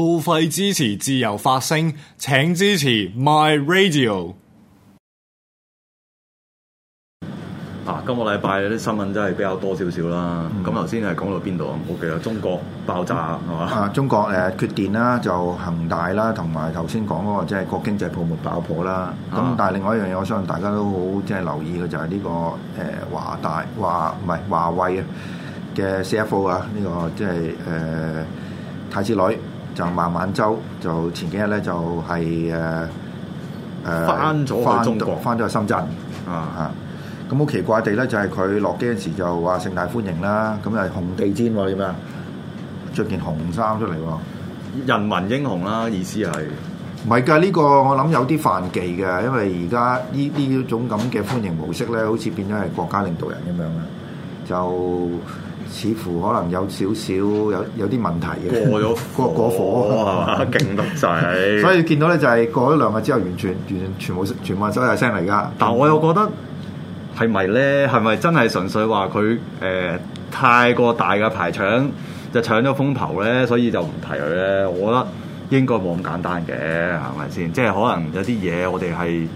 付費支持自由發聲，請支持 My Radio。啊，今個禮拜啲新聞真係比較多少少啦。咁頭先係講到邊度啊？嗯、我記得中國爆炸係嘛？嗯、啊，中國誒、嗯、缺電啦，就恒大啦，同埋頭先講嗰個即係個經濟泡沫爆破啦。咁、啊、但係另外一樣嘢，我相信大家都好即係留意嘅就係、是、呢、這個誒華、呃、大華唔係華為嘅 CFO 啊、這個，呢個即係誒太子女。就孟晚舟，就前幾日咧就係誒誒翻咗去中國，翻咗去深圳啊嚇！咁好、啊、奇怪地咧，就係佢落機嗰陣時就話盛大歡迎啦，咁又係紅地毯喎點啊？著麼件紅衫出嚟，人民英雄啦意思係？唔係㗎，呢、這個我諗有啲犯忌㗎，因為而家呢呢種咁嘅歡迎模式咧，好似變咗係國家領導人咁樣啦，就。似乎可能有少少有有啲問題嘅，過咗過過火，哇！勁得滯， 了 所以見到咧就係過咗兩日之後完，完全完全部全部收曬聲嚟噶。但係我又覺得係咪咧？係咪真係純粹話佢誒太過大嘅排場就搶咗風頭咧？所以就唔提佢咧？我覺得應該冇咁簡單嘅，係咪先？即係可能有啲嘢我哋係。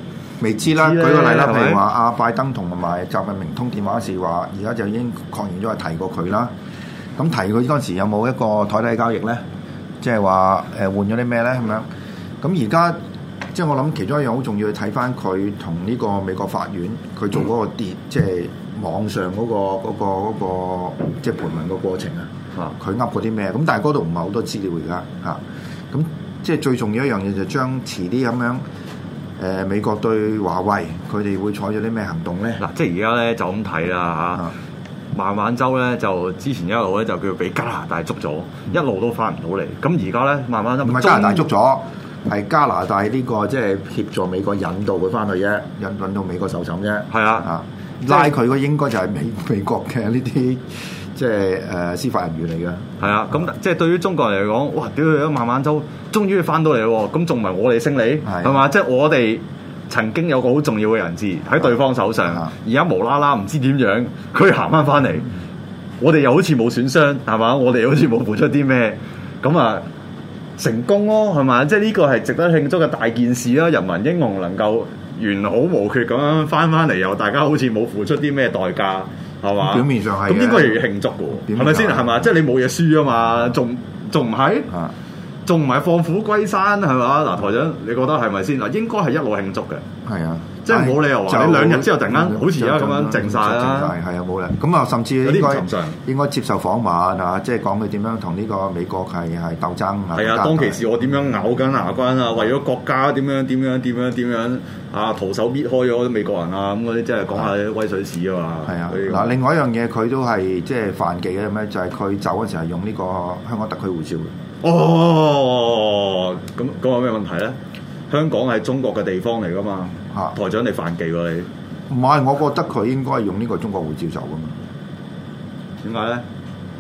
未知啦，舉個例啦，譬如話阿拜登同埋習近平通電話時話，而家就已經確認咗係提過佢啦。咁提佢嗰陣時有冇一個台底交易咧？即係話誒換咗啲咩咧？咁樣咁而家即係我諗其中一樣好重要，睇翻佢同呢個美國法院佢做嗰、嗰個跌，即係、嗯、網上嗰、嗰個嗰即係盤問個過程啊。佢噏過啲咩？咁但係嗰度唔係好多資料而家吓。咁即係最重要一樣嘢就將遲啲咁樣。誒美國對華為，佢哋會採取啲咩行動咧？嗱，即係而家咧就咁睇啦嚇。孟晚舟咧就之前一路咧就叫俾加拿大捉咗，一路都返唔到嚟。咁而家咧孟晚舟加拿大捉咗，係中加拿大呢、這個即係、就是、協助美國引導佢返去啫，引渡到美國受審啫。係啊，拉佢嗰應該就係美美國嘅呢啲。即係誒、呃，司法人員嚟嘅係啊，咁、嗯嗯、即係對於中國人嚟講，哇，屌佢慢慢走，終於翻到嚟，咁仲唔係我哋勝利係嘛？即係、啊就是、我哋曾經有個好重要嘅人質喺對方手上，啊啊、而家無啦啦唔知點樣，佢行翻翻嚟，我哋又好似冇損傷係嘛？我哋又好似冇付出啲咩，咁啊成功咯係嘛？即係呢個係值得慶祝嘅大件事啦！人民英雄能夠完好無缺咁樣翻翻嚟，又大家好似冇付出啲咩代價。係嘛？嗯、表面上係咁，應該要慶祝喎，係咪先？係嘛？即係你冇嘢輸啊嘛，仲仲唔係？啊，仲唔係放虎歸山係嘛？嗱，台長，你覺得係咪先？嗱，應該係一路慶祝嘅。係啊，即係冇理由就你兩日之後突然間好似啊咁樣靜晒啦，係啊冇啦。咁啊，甚至應該應該接受訪問吓，即係講佢點樣同呢個美國係係鬥爭啊。係啊，當其時我點樣咬緊牙關啊，為咗國家點樣點樣點樣點樣啊，徒手搣開咗啲美國人啊，咁嗰啲即係講下威水史啊嘛。係啊，嗱，另外一樣嘢，佢都係即係犯忌嘅咩？就係佢走嗰時係用呢個香港特區護照。哦，咁咁有咩問題咧？香港係中國嘅地方嚟㗎嘛？啊、台長你犯忌喎你？唔係，我覺得佢應該係用呢個中國護照走㗎嘛？點解咧？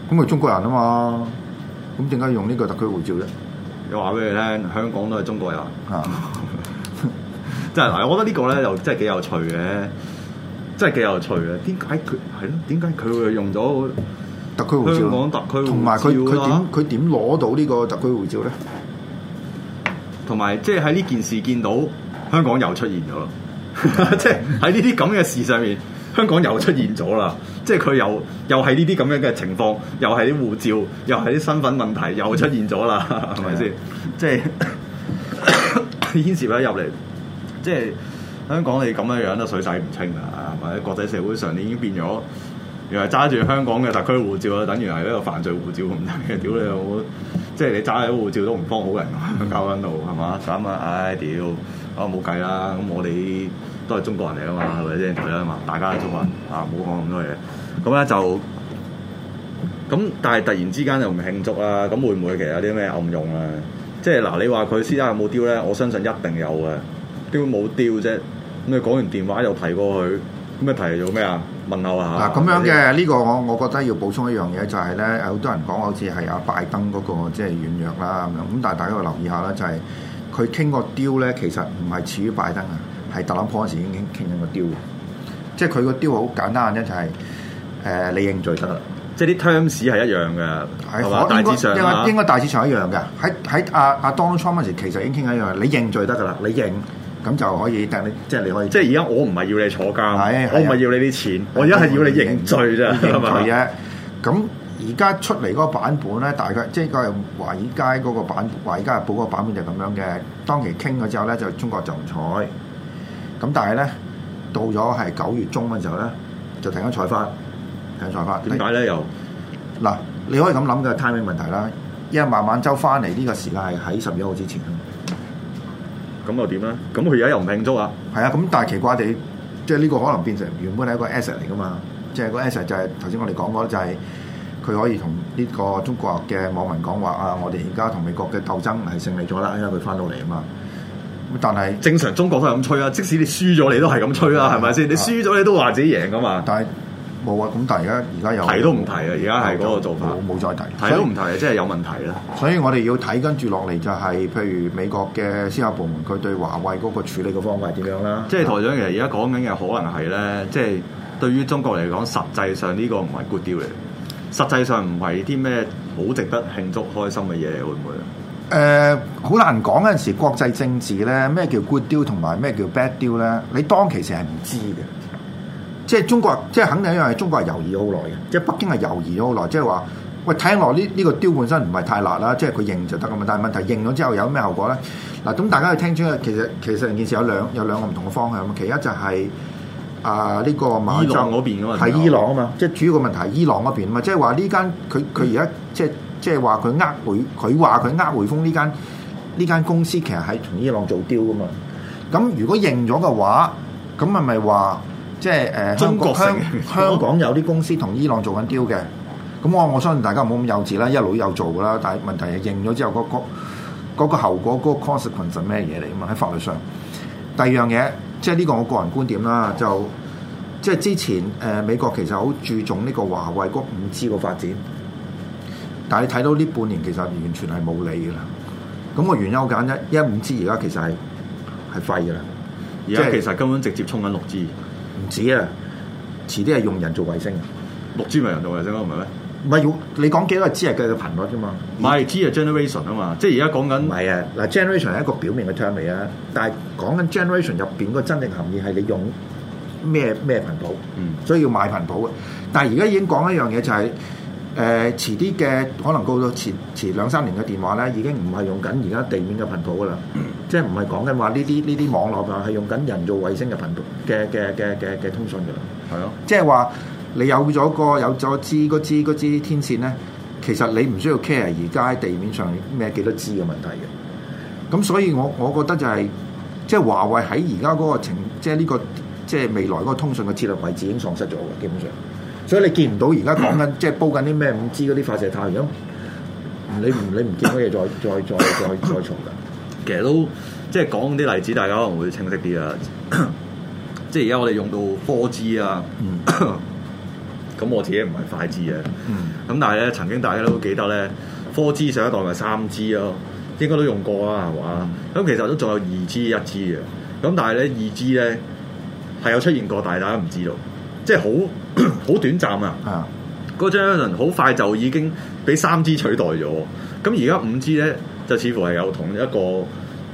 咁佢中國人啊嘛？咁點解用呢個特區護照咧？我話俾你聽，香港都係中國人啊！ 真係，我覺得個呢個咧又真係幾有趣嘅，真係幾有趣嘅。點解佢係咯？點解佢會用咗特區護照？香港特區護照？同埋佢佢點佢點攞到呢個特區護照咧？同埋，即係喺呢件事見到香港又出現咗咯，即係喺呢啲咁嘅事上面，香港又出現咗啦， 即係佢又又係呢啲咁樣嘅情況，又係啲護照，又係啲身份問題，又出現咗啦，係咪先？即係牽涉咗入嚟，即係香港你樣樣，你咁樣樣都水洗唔清啦，係咪？喺國際社會上，你已經變咗。原來揸住香港嘅特區護照啊，等於係一個犯罪護照咁樣嘅。屌你，我即係你揸起護照都唔幫好人，呵呵搞緊度係嘛？咁下，唉屌、嗯，deal，啊、我冇計啦。咁我哋都係中國人嚟㗎嘛，係咪先？台啊嘛，大家係中國人啊，唔好講咁多嘢。咁咧就咁，但係突然之間又唔慶祝啦，咁會唔會其實有啲咩暗用啊？即係嗱，你話佢私底下有冇丟咧？我相信一定有嘅。丟冇丟啫？咁你講完電話又提過佢。咁樣做咩啊？問候啊！嗱，咁樣嘅呢個我我覺得要補充一樣嘢，就係咧好多人講好似係阿拜登嗰個即係軟弱啦咁樣。咁但係大家要留意下啦，就係佢傾個 deal 咧，其實唔係似於拜登啊，係特朗普嗰陣時已經傾傾緊個 deal。即係佢個 deal 好簡單啫，就係誒你認罪得啦。即係啲 terms 係一樣嘅，喎大致上嚇。應該大致上一樣嘅。喺喺阿阿 Donald Trump 嗰時，其實已經傾緊一樣，你認罪得噶啦，你認。你認咁就可以，但你即係你可以。即係而家我唔係要你坐監，對我唔係要你啲錢，對我而家係要你認罪啫。認罪啫。咁而家出嚟嗰個版本咧，大概即係、佢係、華爾街嗰個版，華爾街日報嗰個版本就咁樣嘅。當其傾咗之後咧，就中國就唔採。咁但係咧，到咗係九月中嘅時候咧，就突然間採翻，突然間採翻。點解咧？又嗱對，有你可以咁諗嘅 timing 問題啦。因為孟晚舟返嚟呢個時間係喺十一號之前。咁又點咧？咁佢而家又唔慶祝啊？係啊，咁但係奇怪地，即係呢個可能變成原本係一個 asset 嚟㗎嘛？即係個 asset 就係頭先我哋講過，就係佢可以同呢個中國嘅網民講話啊！我哋而家同美國嘅鬥爭係勝利咗啦，因為佢返到嚟啊嘛。咁但係正常中國都係咁吹啊，即使你輸咗你都係咁吹啦，係咪先？吧你輸咗你都話自己贏㗎嘛？但係。冇啊！咁但係而家而家有提都唔提啊，而家係嗰個做法冇再提，提。提都唔提，啊，即係有問題啦。所以我哋要睇跟住落嚟，就係譬如美國嘅司法部門佢對華為嗰個處理嘅方法點樣啦。即係台長，其實而家講緊嘅可能係咧，即係的對於中國嚟講，實際上呢個唔係 good deal，實際上唔係啲咩好值得慶祝開心嘅嘢，會唔會啊？誒、呃，好難講嗰陣時，國際政治咧，咩叫 good deal 同埋咩叫 bad deal 咧？你當其實係唔知嘅。即係中國，即係肯定因為係中國係猶豫咗好耐嘅，即係北京係猶豫咗好耐，即係話喂，聽落呢，呢個雕本身唔係太辣啦，即係佢認就得咁啊！但係問題認咗之後有咩後果咧？嗱，咁大家去聽穿啊，其實其實件事有兩有兩個唔同嘅方向，其一就係啊，呢個伊朗嗰邊啊嘛，係伊朗啊嘛，即係主要嘅問題係伊朗嗰邊啊嘛，即係話呢間佢佢而家即即係話佢呃匯佢話佢呃匯豐呢間呢間公司其實係同伊朗做雕噶嘛。咁如果認咗嘅話，咁係咪話？即係中國香香香港有啲公司同伊朗做緊 deal 嘅，咁我我相信大家冇咁幼稚啦，一路有做噶啦，但係問題係認咗之後，嗰嗰嗰個後果嗰、嗰個 consequence 係咩嘢嚟啊嘛？喺法律上，第二樣嘢，即係呢個我個人觀點啦，就即係之前誒、呃、美國其實好注重呢個華為嗰五 G 個發展，但你睇到呢半年其實完全係冇理噶啦。咁個原因我簡一，一五 G 而家其實係係廢噶啦，而家其實根本直接衝緊六 G。唔止啊！遲啲係用人做衛星，啊。六 G 咪人做衛星咯、啊，唔係咩？唔係要你講幾多 G 係計個頻率啫、啊、嘛。唔 y My、嗯、T 係 generation 啊嘛，即係而家講緊。唔係啊，嗱 generation 係一個表面嘅 topic 嚟啊，但係講緊 generation 入邊個真正含義係你用咩咩頻譜，所以要賣頻譜嘅。但係而家已經講一樣嘢就係、是。誒、呃、遲啲嘅可能高到遲遲兩三年嘅電話咧，已經唔係用緊而家地面嘅頻譜噶啦， 即係唔係講緊話呢啲呢啲網絡係用緊人造衛星嘅頻譜嘅嘅嘅嘅嘅通訊噶啦，係咯，即係話你有咗個有咗支嗰支支天線咧，其實你唔需要 care 而家喺地面上咩幾多支嘅問題嘅。咁所以我我覺得就係即係華為喺而家嗰個情，即係呢個即係、即係、未來嗰個通訊嘅設立位置已經喪失咗嘅，基本上。所以你見唔到而家講緊即係煲緊啲咩五 G 嗰啲發射塔，咁你唔你唔見乜嘢再再再再再錯㗎？ 其實都即係講啲例子，大家可能會清晰啲啊！ 即係而家我哋用到四 G 啊，咁 我自己唔係快 G 啊，咁 但係咧曾經大家都記得咧，四 G 上一代咪三 G 咯，應該都用過啊，係嘛？咁其實都仲有二 G、一 G 嘅，咁但係咧二 G 咧係有出現過，但係大家唔知道，即係好。好 短暫啊！嗰張一好快就已經俾三 G 取代咗，咁而家五 G 咧就似乎係有同一個誒、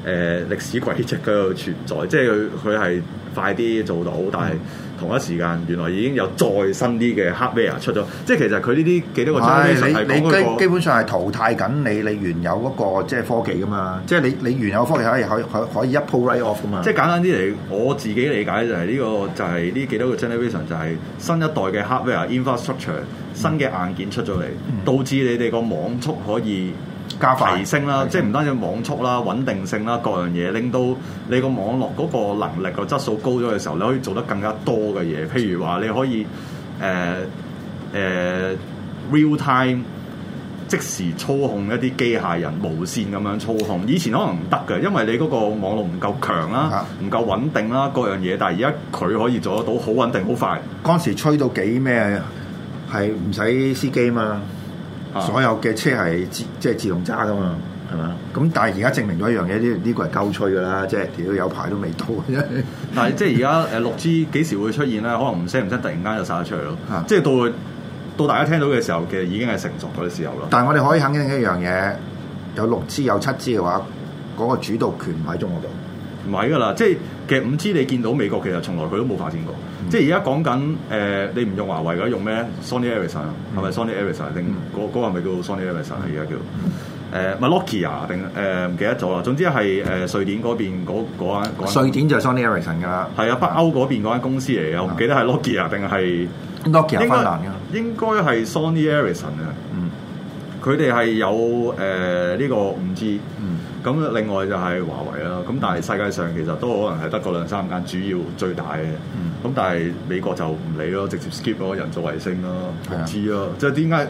呃、歷史軌跡嘅存在，即係佢佢係快啲做到，但係。啊同一時間，原來已經有再新啲嘅 hardware 出咗，即係其實佢呢啲幾多個 generation 基本上係淘汰緊你你原有嗰、那個即係科技噶嘛，即係你你原有科技可以可以可以一鋪 right off 噶嘛。即係簡單啲嚟，我自己理解就係呢、這個就係呢幾多個 generation 就係新一代嘅 hardware infrastructure，新嘅硬，硬件出咗嚟，導致你哋個網速可以。加快提升啦，即係唔單止網速啦、穩定性啦各樣嘢，令到你個網絡嗰個能力個質素高咗嘅時候，你可以做得更加多嘅嘢。譬如話，你可以誒誒、呃呃、real time 即時操控一啲機械人，無線咁樣操控。以前可能唔得嘅，因為你嗰個網絡唔夠強啦、唔夠穩定啦各樣嘢，但係而家佢可以做得到，好穩定、好快。嗰陣時吹到幾咩啊？係唔使司機嘛？所有嘅車係自即係自動揸噶嘛，係嘛？咁但係而家證明咗一樣嘢，呢、這、呢個係鳩吹噶啦，即係屌有排都未到。 但係即係而家誒六 G 幾時會出現咧？可能唔聲唔聲，突然間就曬咗出嚟咯。啊、即係到到大家聽到嘅時候嘅已經係成熟嗰啲時候咯。但係我哋可以肯定一樣嘢，有六 G、有七 G 嘅話，嗰、那個主導權唔喺中國度，唔係噶啦，即係。其實五 G 你見到美國其實從來佢都冇發展過，即係而家講緊誒，你唔用華為嘅話用咩？Sony Ericsson 係咪 Sony Ericsson 定嗰嗰個係咪叫 Sony Ericsson 係而家叫誒咪 Nokia 啊定誒唔記得咗啦。總之係誒瑞典嗰邊嗰間。瑞典就係 Sony Ericsson 㗎啦。係啊，北歐嗰邊嗰間公司嚟嘅，我唔記得係 Nokia 啊定係 Nokia 啊，芬蘭㗎，應該應該係 Sony Ericsson 啊。嗯，佢哋係有誒呢個五 G。咁另外就係華為啦，咁但係世界上其實都可能係得個兩三間主要最大嘅，咁、嗯、但係美國就唔理咯，直接 skip 嗰人造衛星咯，唔知啊，即係點解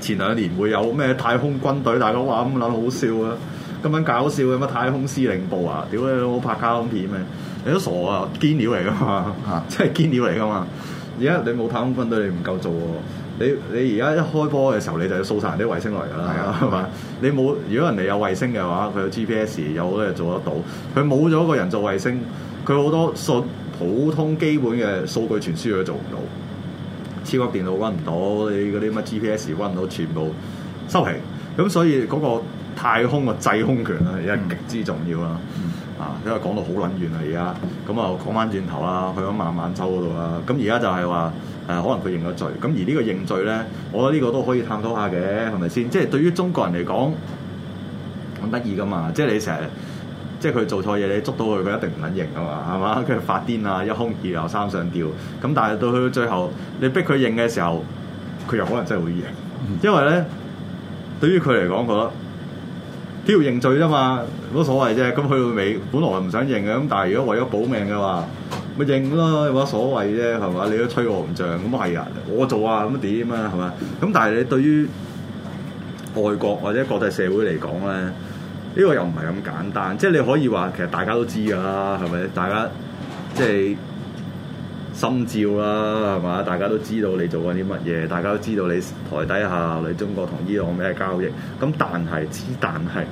前兩年會有咩太空軍隊？大家話咁諗好笑啊，咁樣搞笑嘅咩太空司令部啊，屌你，老母拍卡通片咩？你都傻啊，堅料嚟噶嘛，即係堅料嚟噶嘛，而家你冇太空軍隊你唔夠做啊！你你而家一開波嘅時候，你就要掃晒啲衛星落嚟啦，係啊，係嘛的？ 你冇，如果人哋有衛星嘅話，佢有 GPS，有嗰啲做得到。佢冇咗個人做衛星，佢好多信普通基本嘅數據傳輸佢都做唔到，超級電腦搵唔到，你嗰啲乜 GPS 搵唔到，全部收皮。咁所以嗰個太空嘅制空權啦，亦係極之重要啦。嗯嗯啊，因為講到好撚遠啦，而家咁啊，講翻轉頭啦，去咗孟晚舟嗰度啦，咁而家就係話誒，可能佢認咗罪，咁而呢個認罪咧，我覺得呢個都可以探討下嘅，係咪先？即係對於中國人嚟講，咁得意噶嘛，即係你成日，即係佢做錯嘢，你捉到佢，佢一定唔撚認啊嘛，係嘛？跟住發癲啊，一哭二鬧三上吊，咁但係到去到最後，你逼佢認嘅時候，佢又可能真係會認，因為咧，對於佢嚟講，覺得。呢要認罪咋嘛，冇乜所謂啫。咁去到尾，本來唔想認嘅，咁但係如果為咗保命嘅話，咪認咯，有乜所謂啫？係嘛？你都吹我唔脹，咁啊係啊，我做啊，咁點啊，係嘛？咁但係你對於外國或者國際社會嚟講咧，呢個又唔係咁簡單。即係你可以話，其實大家都知㗎啦，係咪？大家即係。心照啦，係嘛？大家都知道你做緊啲乜嘢，大家都知道你台底下你中國同伊朗咩交易。咁但係之但係，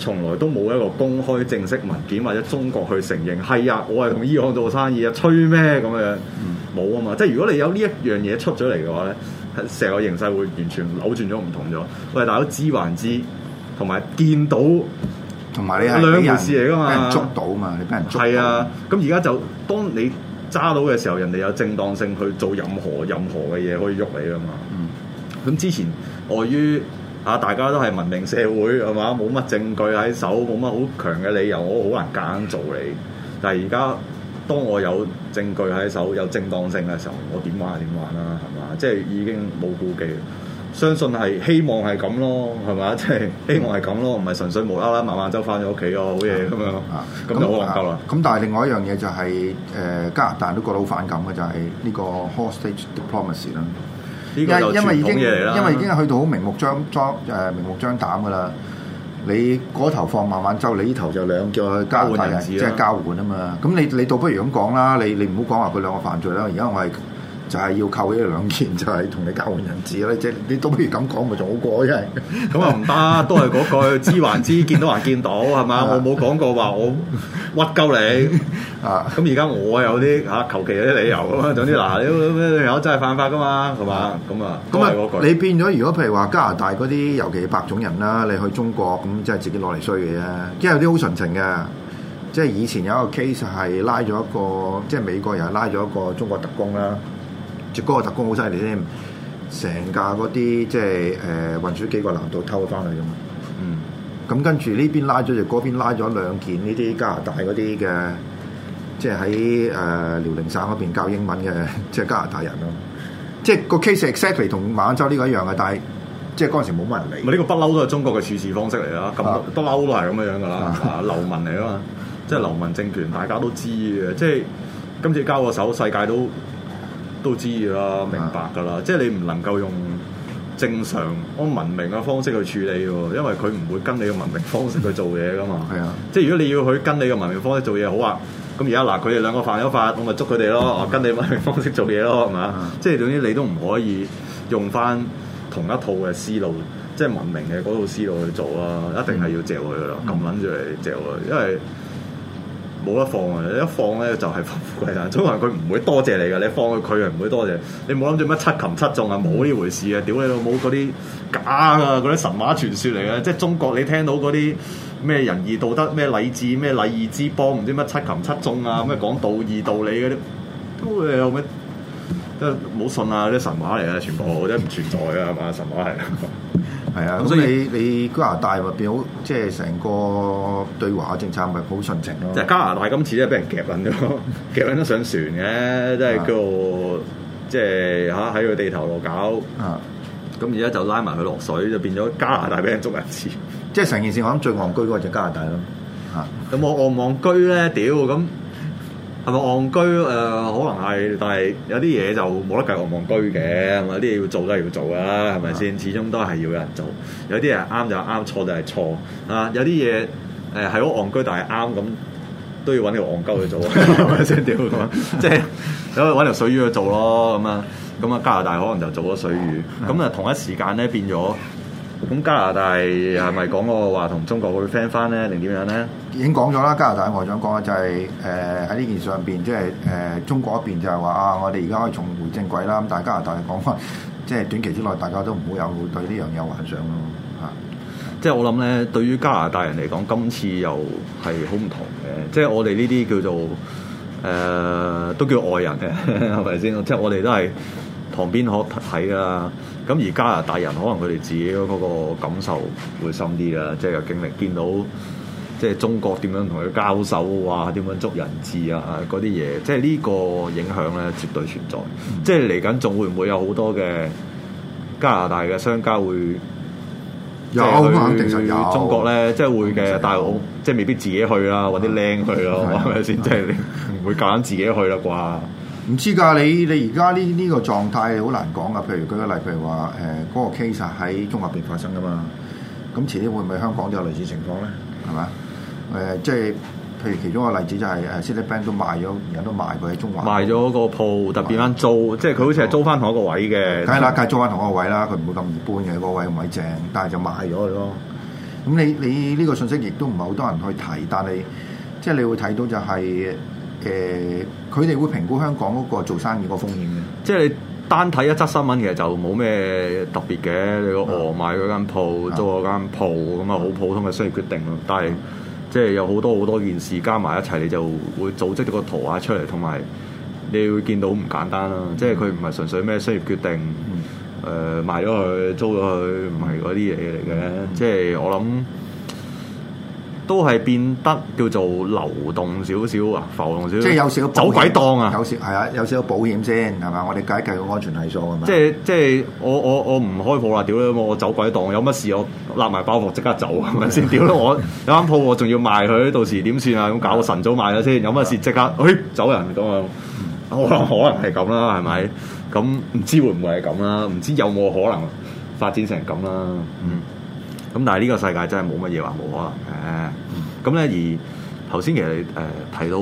從來都冇一個公開正式文件或者中國去承認係啊，我係同伊朗做生意啊，吹咩咁樣？冇啊嘛，即係如果你有呢一樣嘢出咗嚟嘅話咧，成個形勢會完全扭轉咗，唔同咗。喂，大家都知還知，同埋見到同埋你係兩回事嚟㗎嘛，跟捉到嘛，你俾人捉到。係啊，咁而家就當你。揸到嘅時候，人哋有正當性去做任何任何嘅嘢，可以喐你㗎嘛？嗯，咁之前礙於啊大家都係文明社會係嘛，冇乜證據喺手，冇乜好強嘅理由，我好難夾硬做你。但係而家當我有證據喺手，有正當性嘅時候，我點玩就點玩啦，係嘛？即係已經冇顧忌。相信係希望係咁咯，係嘛？即 係希望係咁咯，唔係純粹無啦啦孟晚舟返咗屋企哦，好嘢咁、啊、樣咯。咁好啦。咁、啊啊、但係另外一樣嘢就係、是、誒、呃、加拿大人都覺得好反感嘅就係、是、呢個 hostage diplomacy 啦。呢個就傳統嘢嚟啦。因為已經因為已經係去到好明目張張誒、啊、明目張膽㗎啦。你嗰頭放孟晚舟，你呢頭就兩個、啊、交換即係交換啊嘛。咁你你倒不如咁講啦，你你唔好講話佢兩個犯罪啦。而家我係。就係要扣呢兩件，就係、係、同你交換人質啦。即係你都可以咁講，咪仲好過啫？咁啊唔得，都係嗰句知還知，見到還見到，係嘛？ 我冇講過話我屈鳩你 啊。咁而家我有啲嚇求其有啲理由啊。總之嗱，有、啊、真係犯法噶嘛，係嘛？咁啊，咁啊，你變咗如果譬如話加拿大嗰啲，尤其白種人啦，你去中國咁，即係自己攞嚟衰嘅啫。即係有啲好純情嘅，即係以前有一個 case 係拉咗一個，即係美國人拉咗一,一,一個中國特工啦。著嗰個特工好犀利添，成架嗰啲即係誒、呃、運輸幾個難度偷翻嚟嘅嗯，咁跟住呢邊拉咗，就嗰邊拉咗兩件呢啲加拿大嗰啲嘅，即係喺誒遼寧省嗰邊教英文嘅，即係加拿大人咯，即係個 case exactly 同晚舟呢個一樣嘅，但係即係嗰陣時冇乜人嚟。呢個不嬲都係中國嘅處事方式嚟啦，咁不嬲都係咁樣樣噶啦，啊、流民嚟啊嘛，即係流民政權大家都知嘅，即係今次交個手世界都。都知嘅啦，明白噶啦， 即係你唔能夠用正常按文明嘅方式去處理喎，因為佢唔會跟你嘅文明方式去做嘢噶嘛。係啊、 哦，即係如果你要佢跟你嘅文明方式做嘢，好啊，咁而家嗱，佢哋兩個犯咗法，我咪捉佢哋咯，哦， 我跟你文明方式做嘢咯，係咪？ 即係總之你都唔可以用翻同一套嘅思路，即係文明嘅嗰套思路去做啦，一定係要嚼佢啦，撳撚住嚟嚼佢，因為，冇得放啊！一放咧就係伏虎歸山。中國人佢唔會多謝你㗎，你放佢佢又唔會多謝你。冇諗住乜七擒七縱啊，冇呢回事啊！屌你老母嗰啲假啊，嗰啲神話傳説嚟嘅。嗯、即係中國你聽到嗰啲咩仁義道德、咩禮智、咩禮義之邦，唔知乜七擒七縱啊，咩講道義道理嗰啲，都係後屘。冇信啊！啲神話嚟嘅，全部真係唔存在嘅係嘛？神話嚟，係啊！咁你所以你你加拿大咪變好，即係成個對華政策咪好順情咯、啊？即係加拿大今次咧俾人夾緊咗，夾緊咗上船嘅，即係個 即係嚇喺個地頭度搞。啊！咁而家就拉埋佢落水，就變咗加拿大俾人捉一次，即係成件事我諗最戇居嗰個就加拿大咯啊！咁 我戇居咧屌咁～係咪戇居？誒、呃，可能係，但係有啲嘢就冇得計戇戇居嘅，有啲嘢要做都係要做啊，係咪先？吧始終都係要有人做。有啲人啱就啱，錯就係錯啊。有啲嘢誒係好戇居，但係啱咁都要搵條戇鳩去做，係咪先？點講？即係搵條水魚去做咯，咁啊，咁啊加拿大可能就做咗水魚，咁啊同一時間咧變咗。咁加拿大係咪講嗰個話同中國會 friend 翻咧，定點樣咧？已經講咗啦，加拿大我想講嘅就係誒喺呢件事上邊，即係誒中國一邊就係話啊，我哋而家可以重回正軌啦。咁但係加拿大講翻，即係短期之內，大家都唔會有對呢樣嘢有幻想咯嚇。即係我諗咧，對於加拿大人嚟講，今次又係好唔同嘅。即係我哋呢啲叫做誒、呃，都叫外人嘅。係咪先？即係我哋都係旁邊可睇啊。咁而加拿大人可能佢哋自己嗰個感受會深啲啦，即係經歷見到即係中國點樣同佢交手啊，點樣捉人質啊嗰啲嘢，即係呢個影響咧絕對存在。嗯、即係嚟緊仲會唔會有好多嘅加拿大嘅商家會有肯定有中國咧，即係會嘅，大佬，即係未必自己去啦，揾啲靚去咯，係咪先？啊、是是即係你唔會揀自己去啦啩？唔知㗎，你你而家呢呢個狀態好難講啊！譬如舉個例，譬如話誒嗰個 case 喺中華邊發生噶嘛，咁遲啲會唔會香港都有類似情況咧？係嘛？誒、呃、即係譬如其中一個例子就係誒 Citibank 都賣咗，而家都賣佢喺中華賣咗個鋪，特別返租，了即係佢好似係租翻同一個位嘅。梗係啦，梗係租翻同一個位啦，佢唔會咁易搬嘅，個位位正，但係就賣咗佢咯。咁你你呢個信息亦都唔係好多人去提，但係即係你會睇到就係、是、誒。呃佢哋會評估香港嗰個做生意嗰個風險嘅。即係你單睇一則新聞，其實就冇咩特別嘅。你個俄賣嗰間鋪，租嗰間鋪咁啊，好普通嘅商業決定咯。但係即係有好多好多件事加埋一齊，你就會組織咗個圖畫出嚟，同埋你會見到唔簡單咯。即係佢唔係純粹咩商業決定，誒賣咗佢，租咗佢，唔係嗰啲嘢嚟嘅。即係我諗。都係變得叫做流動少少啊，浮動少少。即係有少少走鬼檔啊，啊，有少係啊，有少少保險先係嘛？我哋計一計個安全係數係咪？即係即係我我我唔開鋪啦，屌啦！我走鬼檔，有乜事我攬埋包袱即刻走啊，係咪先？屌啦！ 有間我有間鋪我仲要賣佢，到時點算啊？咁搞個晨早賣咗先，有乜事即刻，誒、哎，走人咁 樣。可能可能係咁啦，係咪？咁唔知會唔會係咁啦？唔知有冇可能發展成咁啦？嗯。咁但係呢個世界真係冇乜嘢話冇可能誒，咁咧、嗯、而頭先其實誒、呃、提到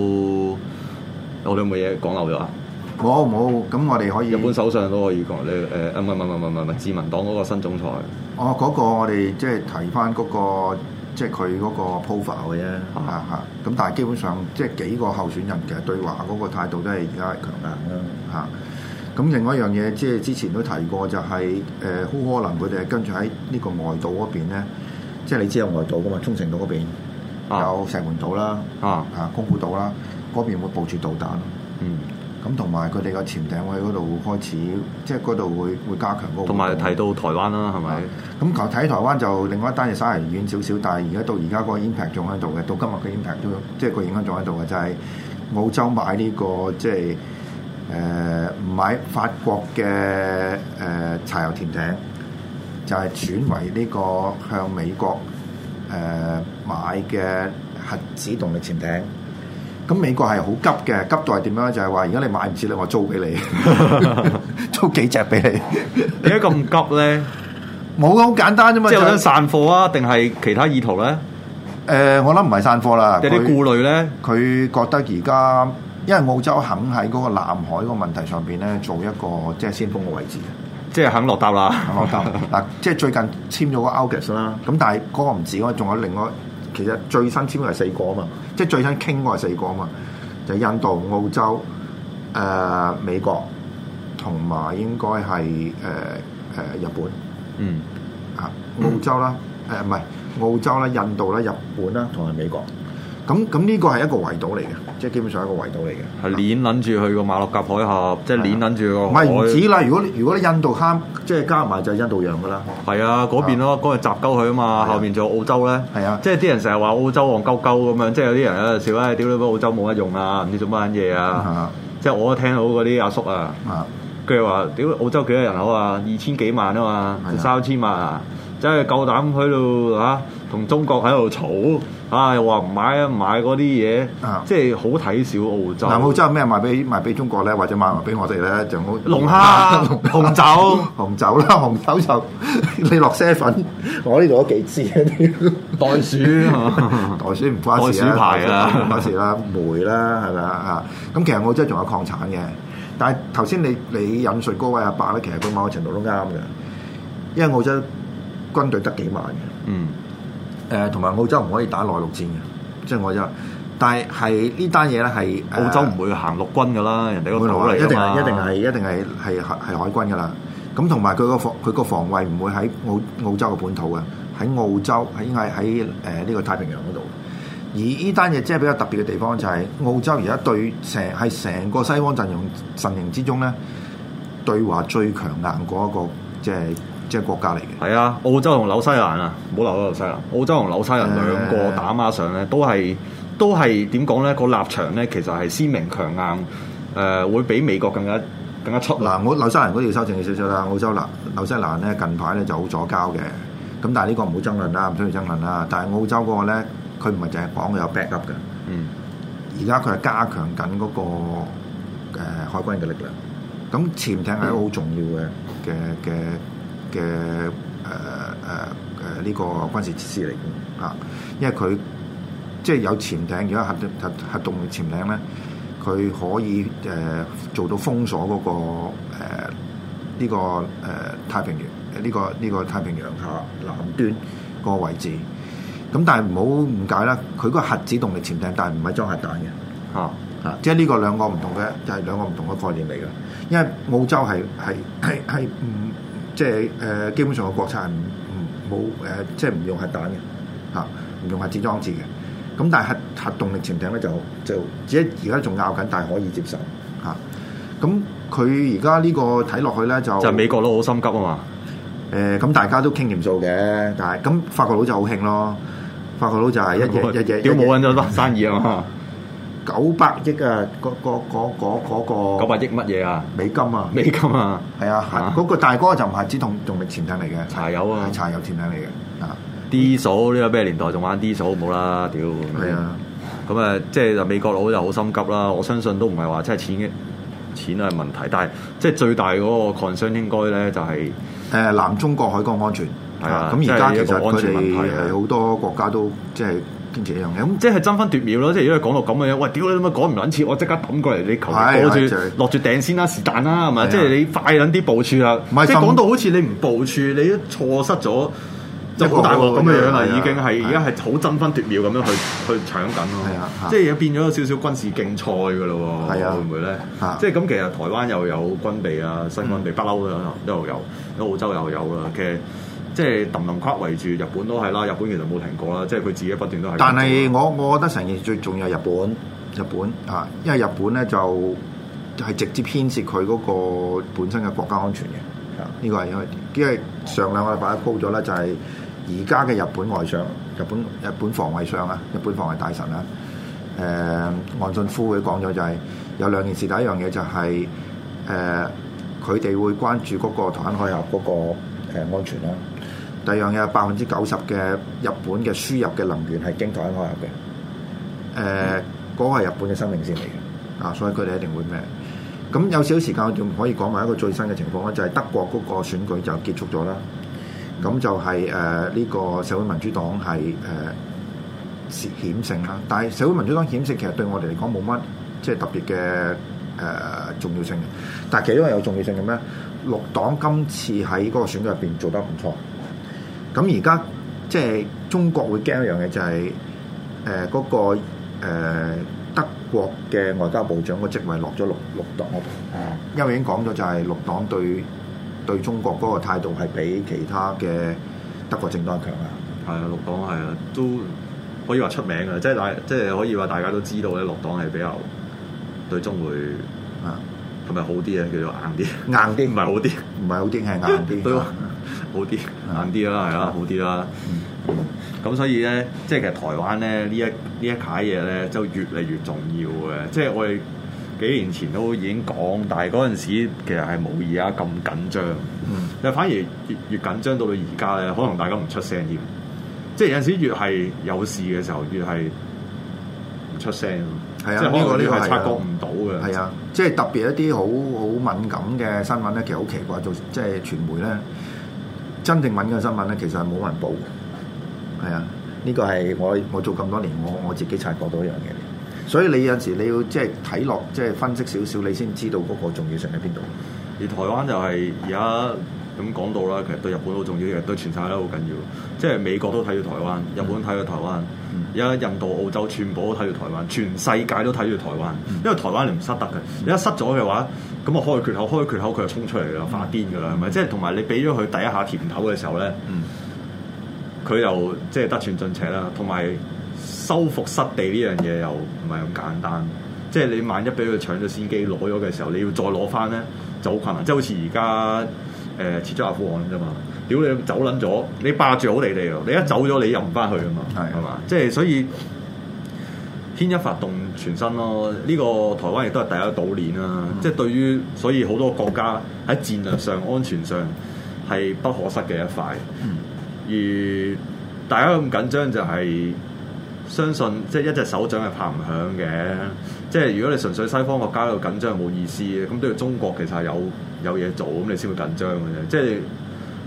有有我哋有冇嘢講漏咗啊？冇冇，咁我哋可以日本首相都可以講咧誒，唔係唔係唔係唔係唔係，自民黨嗰個新總裁。哦，嗰、那個我哋即係提返嗰、那個即係佢嗰個 profile 啫，嚇嚇、嗯。咁、嗯嗯嗯、但係基本上即係、就是、幾個候選人其實對話嗰個態度都係而家係強硬啦，嚇、嗯。是嗯咁另外一樣嘢，即係之前都提過，就係誒好可能佢哋跟住喺呢個外島嗰邊咧，即係你知啊，外島噶嘛，中城島嗰邊、啊、有石門島啦，啊，啊，宮古島啦，嗰邊會部署導彈。嗯，咁同埋佢哋個潛艇位嗰度開始，即係嗰度會會加強嗰個。同埋提到台灣啦，係咪？咁其實睇台灣就另外一單嘢稍為遠少少，但係而家到而家個影響仲喺度嘅，到今日嘅影響都即係個影響仲喺度嘅，就係、是、澳洲買呢、這個即係。誒唔買法國嘅誒柴油潛艇，就係轉為呢個向美國誒買嘅核子動力潛艇。咁美國係好急嘅，急到係點樣咧？就係話而家你買唔切，我租俾你，租幾隻俾你？點解咁急咧？冇啊，好簡單啫嘛！即係想散貨啊？定係其他意圖咧？誒，我諗唔係散貨啦。有啲顧慮咧，佢覺得而家。因為澳洲肯喺嗰個南海個問題上邊咧做一個即係先鋒嘅位置，即係肯落答啦。落答嗱，即係最近簽咗個 AUKUS 啦。咁 但係嗰個唔止，我仲有另外，其實最新簽嘅係四個啊嘛，即係最新傾嗰個係四個啊嘛，就係、印度、澳洲、誒、呃、美國，同埋應該係誒誒日本。嗯啊洲、嗯呃，澳洲啦，誒唔係澳洲啦，印度啦，日本啦，同埋美國。咁咁呢個係一個圍堵嚟嘅，即係基本上一個圍堵嚟嘅，係碾撚住去個馬六甲海峽，即係碾撚住個。唔係唔止啦，如果如果你印度峯，即係加埋就係印度洋噶啦。係啊，嗰邊咯，嗰日集鳩佢啊嘛，後面仲有澳洲咧。係啊，即係啲人成日話澳洲黃鳩鳩咁樣，即係有啲人啊笑時屌你把澳洲冇乜用啊，唔知做乜撚嘢啊。即係我都聽到嗰啲阿叔啊，佢哋話：屌澳洲幾多人口啊？二千幾萬啊嘛，三千萬。真係夠膽喺度嚇，同中國喺度吵啊！又話唔買啊，唔買嗰啲嘢，即係好睇小澳洲。咁澳洲有咩賣俾賣俾中國咧，或者賣埋俾我哋咧？就龍蝦、紅酒、紅酒啦，紅酒就你落些粉。我呢度攞幾支嗰袋鼠，袋鼠唔關事啦，鼠牌啦，唔關事啦，梅啦，係咪啊？咁其實澳洲仲有礦產嘅，但係頭先你你引述嗰位阿伯咧，其實佢某程度都啱嘅，因為澳洲。軍隊得幾萬嘅，嗯，誒同埋澳洲唔可以打內陸戰嘅，即係我即係，但係係呢單嘢咧係澳洲唔會行陸軍嘅啦，人哋個火力啊嘛，一定係一定係一定係係係海軍嘅啦。咁同埋佢個防佢個防衞唔會喺澳澳洲嘅本土嘅，喺澳洲喺應係喺誒呢個太平洋嗰度。而呢單嘢即係比較特別嘅地方就係澳洲而家對成係成個西方陣容陣營之中咧對話最強硬嗰一、嗰個即係。就係即係國家嚟嘅，係啊！澳洲同紐西蘭啊，唔好漏咗紐西蘭。澳洲同紐西蘭兩個打馬上咧，都係都係點講咧？個立場咧，其實係鮮明強硬。誒、呃，會比美國更加更加出。嗱、呃，我紐西蘭嗰條修正要少少啦。澳洲啦，紐西蘭咧近排咧就好左膠嘅。咁但係呢個唔好爭論啦，唔需要爭論啦。但係澳洲嗰個咧，佢唔係淨係講佢有 back up 嘅。嗯。而家佢係加強緊嗰、嗰個、呃、海軍嘅力量。咁潛艇係一個好重要嘅嘅嘅。嗯嗯嘅誒誒誒呢個軍事設施嚟嘅啊，因為佢即係有潛艇，如果核核核動力潛艇咧，佢可以誒、呃、做到封鎖嗰、那個呢、呃這個誒、呃、太平洋呢、這個呢、這個太平洋嚇、啊、南端個位置。咁但係唔好誤解啦，佢嗰個核子動力潛艇，但係唔係裝核彈嘅嚇嚇，啊、即係呢個兩個唔同嘅就係、是、兩個唔同嘅概念嚟嘅，因為澳洲係係係係唔。即係誒、呃，基本上個國產係唔唔冇誒，即係唔用核彈嘅，嚇、啊、唔用核子裝置嘅。咁但係核核動力潛艇咧就就而家而家仲拗緊，但係可以接受嚇。咁佢而家呢個睇落去咧就就美國佬好心急啊嘛。誒、呃，咁大家都傾掂數嘅，嗯、但係咁法國佬就好興咯。法國佬就係一日日日屌冇揾咗得生意啊嘛。 九百億啊！嗰個九百億乜嘢啊？美金啊！美金啊！係啊！嗰個大哥就唔係只同同力錢品嚟嘅，柴油啊！柴油錢品嚟嘅啊！D 鎖呢個咩年代仲玩 D 鎖好唔好啦？屌係啊！咁啊，即係就美國佬就好心急啦！我相信都唔係話即係錢嘅錢係問題，但係即係最大嗰個 concern 應該咧就係誒南中國海嘅安全係啊！咁而家其實佢哋誒好多國家都即係。堅持咁即係爭分奪秒咯。即係如果講到咁嘅樣，喂，屌你咁啊，趕唔撚切，我即刻抌過嚟，你求攞住落住定先啦，是但啦，係咪？即係你快撚啲部署啦。即係講到好似你唔部署，你都錯失咗就好大鑊咁嘅樣啦。已經係而家係好爭分奪秒咁樣去去搶緊咯。係啊，啊即係而家變咗少少軍事競賽㗎咯。係啊，會唔會咧？啊啊、即係咁，其實台灣又有軍備啊，新軍備不嬲嘅，嗯、都有。澳洲又有啦嘅。其實即係揼氹圈圍住日本都係啦，日本其實冇停過啦，即係佢自己不斷都喺度。但係我我覺得成件事最重要係日本，日本啊，因為日本咧就係、就是、直接牽涉佢嗰個本身嘅國家安全嘅。呢個係因為因為上兩個禮拜高咗咧，就係而家嘅日本外相、日本日本防衛相啊、日本防衛大臣啦。誒、啊，岸信夫佢講咗就係、是、有兩件事，第一樣嘢就係誒佢哋會關注嗰個台灣海峽嗰、那個、啊、安全啦。第二樣嘢，百分之九十嘅日本嘅輸入嘅能源係經台海入嘅，誒、嗯，嗰、呃那個係日本嘅生命線嚟嘅，嗯、啊，所以佢哋一定會咩？咁有少少時間，我仲可以講埋一個最新嘅情況啦，就係、是、德國嗰個選舉就結束咗啦。咁就係誒呢個社會民主黨係誒涉險勝啦，但係社會民主黨險勝其實對我哋嚟講冇乜即係特別嘅誒、呃、重要性嘅。但係其實因為有重要性嘅咩？綠黨今次喺嗰個選舉入邊做得唔錯。咁而家即係中國會驚一樣嘢，就係誒嗰個、呃、德國嘅外交部長個職位落咗綠綠黨嗰度，嗯、因為已經講咗，就係綠黨對對中國嗰個態度係比其他嘅德國政黨強啊。係啊、嗯，綠黨係啊，都可以話出名嘅，即、就、係、是、大即係可以話大家都知道咧，綠黨係比較對中會係咪、嗯、好啲啊？叫做硬啲，硬啲唔係好啲，唔係、啊、好啲係硬啲。 對嗯好啲，難啲啦，係啦，好啲啦。咁所以咧，即係其實台灣咧呢一呢一攤嘢咧，就越嚟越重要嘅。即係我哋幾年前都已經講，但係嗰陣時其實係冇而家咁緊張。但反而越越緊張到到而家咧，可能大家唔出聲添。即係有陣時越係有事嘅時候，越係唔出聲。係啊，呢個呢個係察覺唔到嘅。係啊，即係特別一啲好好敏感嘅新聞咧，其實好奇怪，做即係傳媒咧。真正敏感嘅新聞咧，其實係冇人報嘅，係啊，呢個係我我做咁多年，我我自己察覺到一樣嘢。所以你有時你要即係睇落，即係分析少少，你先知道嗰個重要性喺邊度。而台灣就係而家咁講到啦，其實對日本好重要嘅，對全世界都好緊要。即係美國都睇住台灣，日本睇住台灣，而家、嗯、印度、澳洲全部都睇住台灣，全世界都睇住台灣。嗯、因為台灣你唔失得嘅，而家失咗嘅話。咁我開缺口，開缺口佢就衝出嚟啦，發癲噶啦，係咪、嗯？即係同埋你俾咗佢第一下甜頭嘅時候咧，佢又即係得寸進尺啦。同埋收復失地呢樣嘢又唔係咁簡單。即係你萬一俾佢搶咗先機攞咗嘅時候，你要再攞翻咧就好困難。即係好似而家誒撤咗阿富汗啫嘛，屌你走撚咗，你霸住好你哋啊！你一走咗，你又唔翻去啊嘛，係嘛是的 吧？即係所以。天一發動全身咯，呢、這個台灣亦都係第一島鏈啦。嗯、即係對於，所以好多國家喺戰略上、安全上係不可失嘅一塊。嗯、而大家咁緊張、就是，就係相信即係一隻手掌係拍唔響嘅。即係如果你純粹西方國家喺度緊張冇意思嘅，咁都要中國其實係有有嘢做，咁你先會緊張嘅啫。即係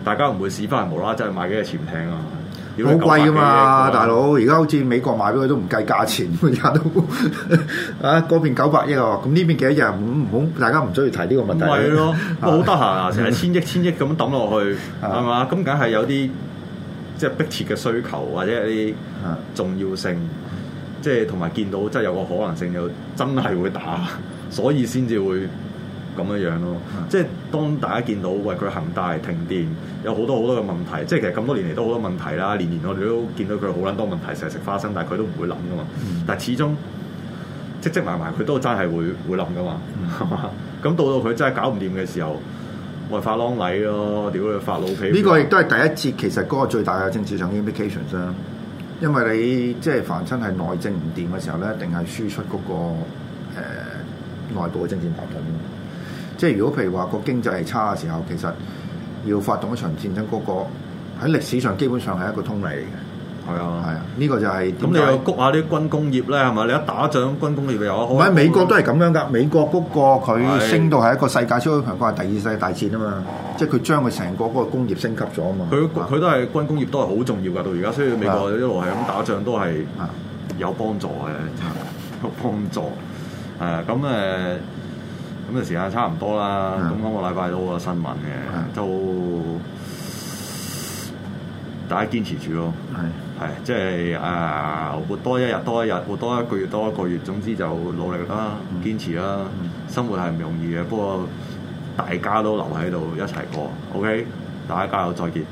大家唔會試翻係無啦啦走去買幾隻潛艇啊！好貴㗎嘛，大佬！而家好似美國買俾佢都唔計價錢，乜都啊，嗰邊九百億啊，咁呢邊幾多億？唔好唔好，大家唔中意提呢個問題。咪係咯，好得閒成日千億千億咁抌落去，係嘛？ 咁梗係有啲即係迫切嘅需求，或者啲重要性，即係同埋見到真係有個可能性，又真係會打，所以先至會。咁樣樣咯，即係、啊嗯、當大家見到喂佢恒大停電，有好多好多嘅問題，即係其實咁多年嚟都好多問題啦。年年我哋都見到佢好撚多問題，成日食花生，ama, 但係佢都唔會諗噶嘛。嗯、但係始終積積埋埋，佢都真係會會諗噶嘛。咁、 啊、到到佢真係搞唔掂嘅時候，我係發狼戾咯，屌佢發老脾。呢個亦都係第一次。其實嗰個最大嘅政治上嘅 implications 因為你即係、就是、凡親係內政唔掂嘅時候咧，一定係輸出嗰、那個誒內、呃、部嘅政治矛盾。即係如果譬如話個經濟係差嘅時候，其實要發動一場戰爭，嗰個喺歷史上基本上係一個通例嚟嘅。係啊，係啊，呢個就係咁，你又谷下啲軍工業咧，係咪？你一打仗，軍工業又開。唔係美國都係咁樣㗎。美國谷過佢升到係一個世界超級強國，係第二次世界大戰啊嘛。啊即係佢將佢成個嗰個工業升級咗啊嘛。佢佢都係軍工業都係好重要㗎，到而家所以美國一路係咁打仗都係有幫助嘅，有幫助。誒咁誒。は咁就時間差唔多啦，咁嗰的今個禮拜都有新聞嘅，的都大家堅持住咯，係的，即係啊、呃，活多一日多一日，活多一個月多一個月，總之就努力啦，堅持啦，的生活係唔容易嘅，不過大家都留喺度一齊過，OK，大家加油，再見。